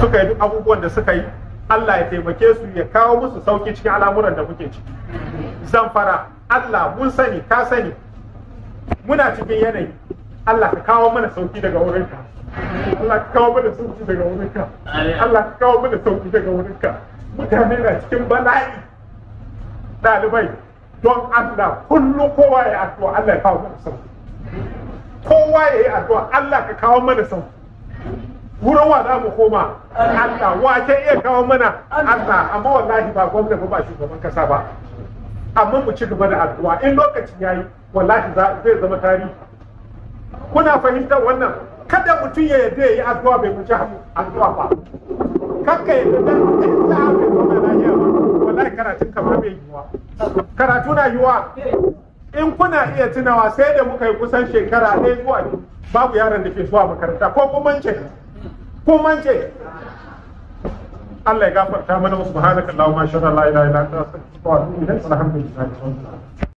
suka yi duk abubuwan da suka yi Allah ya taimake su ya kawo musu sauki cikin al'amuran da muke ciki fara. Allah mun sani ka sani muna cikin yanayi Allah ka kawo mana sauki daga wurin ka. Allah ka kawo mana sauki daga wurin ka Allah ka kawo mana sauki daga wurin ka. mutane na cikin bala'i Dalibai don Allah kullum kowa ya addu'a Allah ya kawo mana sauki kowa ya yi addu'a Allah ka kawo mana sauki wurin wa za mu koma Allah wa iya kawo mana Allah amma wallahi ba gwamna ba ba shugaban kasa ba amma mu ci gaba da addu'a in lokacin yayi wallahi zai zama tarihi kuna fahimtar wannan kada mutum ya yarda ya yi addu'a bai mu ci addu'a ba kakka ya yarda in za a bai gwamna lafiya ba wallahi karatun kama bai yiwa karatu na yiwa in kuna iya tunawa sai da muka yi kusan shekara ɗaya zuwa babu yaran da ke zuwa makaranta ko kuma ce ko mance Allah ya gafarta mana subhanaka Allahumma shukran la ilaha illa anta astaghfiruka wa atubu ilayk alhamdulillahi